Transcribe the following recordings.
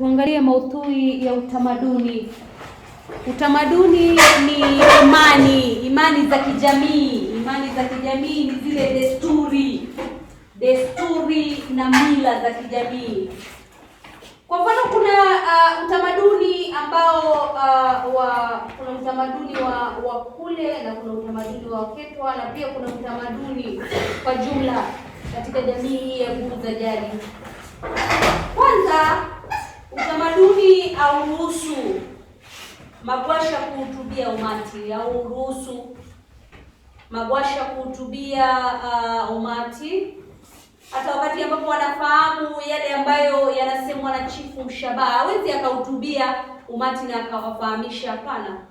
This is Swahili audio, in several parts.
tuangalie maudhui ya utamaduni. Utamaduni ni imani, imani za kijamii. Imani za kijamii ni zile desturi, desturi na mila za kijamii. Kwa mfano kuna uh, utamaduni ambao uh, wa kuna utamaduni wa wa kule na kuna utamaduni wa Ketwa na pia kuna utamaduni kwa jumla katika jamii hii ya nguvu za jadi. Kwanza Utamaduni hauruhusu Magwasha kuhutubia umati, hauruhusu Magwasha kuhutubia uh, umati hata wakati ambapo wanafahamu yale ambayo yanasemwa na Chifu Mshabaha, hawezi akahutubia umati na akawafahamisha. Hapana,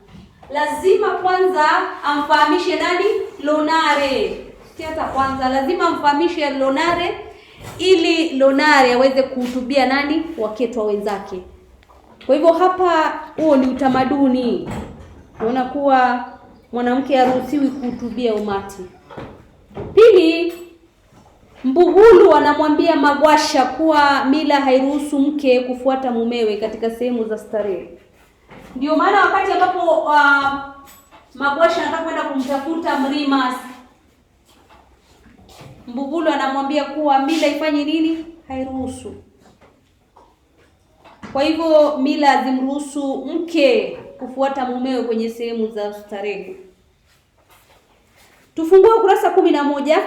lazima kwanza amfahamishe nani? Lonare. Si hata kwanza lazima amfahamishe Lonare ili Lonare aweze kuhutubia nani waketwa wenzake. Kwa hivyo hapa, huo ni utamaduni, unaona kuwa mwanamke haruhusiwi kuhutubia umati. Pili, mbugulu anamwambia Magwasha kuwa mila hairuhusu mke kufuata mumewe katika sehemu za starehe. Ndio maana wakati ambapo uh, Magwasha anataka kwenda kumtafuta Mrimas Mbugulu anamwambia kuwa mila ifanye nini? Hairuhusu. Kwa hivyo mila zimruhusu mke kufuata mumewe kwenye sehemu za starehe. Tufungue ukurasa kumi na moja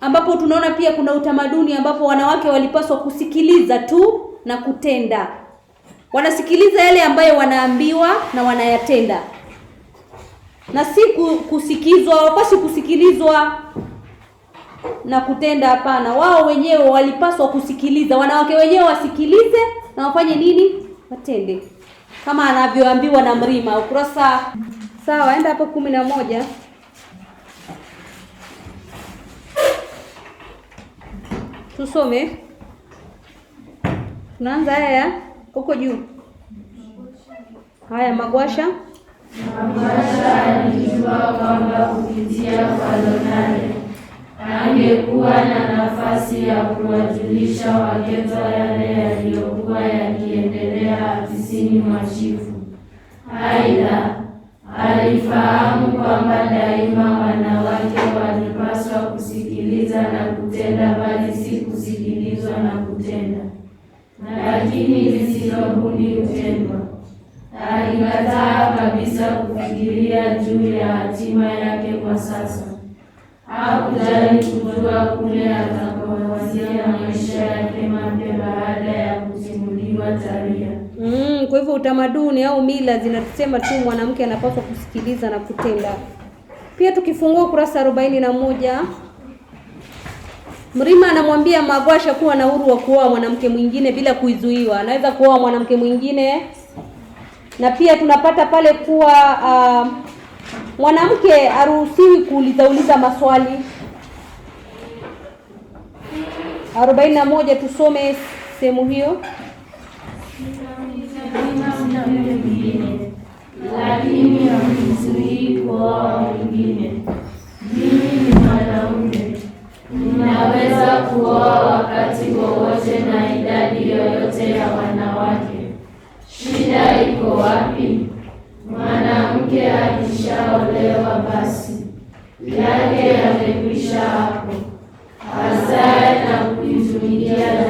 ambapo tunaona pia kuna utamaduni ambapo wanawake walipaswa kusikiliza tu na kutenda. Wanasikiliza yale ambayo wanaambiwa na wanayatenda na si kusikizwa, hawapaswi kusikilizwa na kutenda. Hapana, wao wenyewe walipaswa kusikiliza, wanawake wenyewe wasikilize na wafanye nini? Watende kama anavyoambiwa na Mrima, ukurasa sawa, enda hapo kumi na moja. Tusome, tunaanza haya huko juu, haya magwasha Mabasha alijua kwamba kupitia fano lake angekuwa na nafasi ya kuwajulisha Wageto yale yaliyokuwa yakiendelea afisini mwa chifu. Aidha, alifahamu kwamba daima wanawake walipaswa kusikiliza na kutenda, bali si kusikilizwa na kutenda, lakini lisilobudi kutendwa alikataa kabisa kufikiria juu ya hatima yake kwa sasa. Hakujali kujua kule atakapoanzia maisha yake mapya baada ya kutimuliwa taria. Mm, kwa hivyo utamaduni au mila zinatusema tu mwanamke anapaswa kusikiliza na kutenda. Pia tukifungua kurasa arobaini na moja Mrima anamwambia Magwasha kuwa na uhuru wa kuoa mwanamke mwingine bila kuizuiwa. Anaweza kuoa mwanamke mwingine na pia tunapata pale kuwa uh, mwanamke kuuliza uliza maswali. 41 tusome sehemu hiyo. Lakini hamzuii kuoa wengine wapi? Mwanamke akishaolewa basi yake yamekwisha hapo, azaye na kujitumikia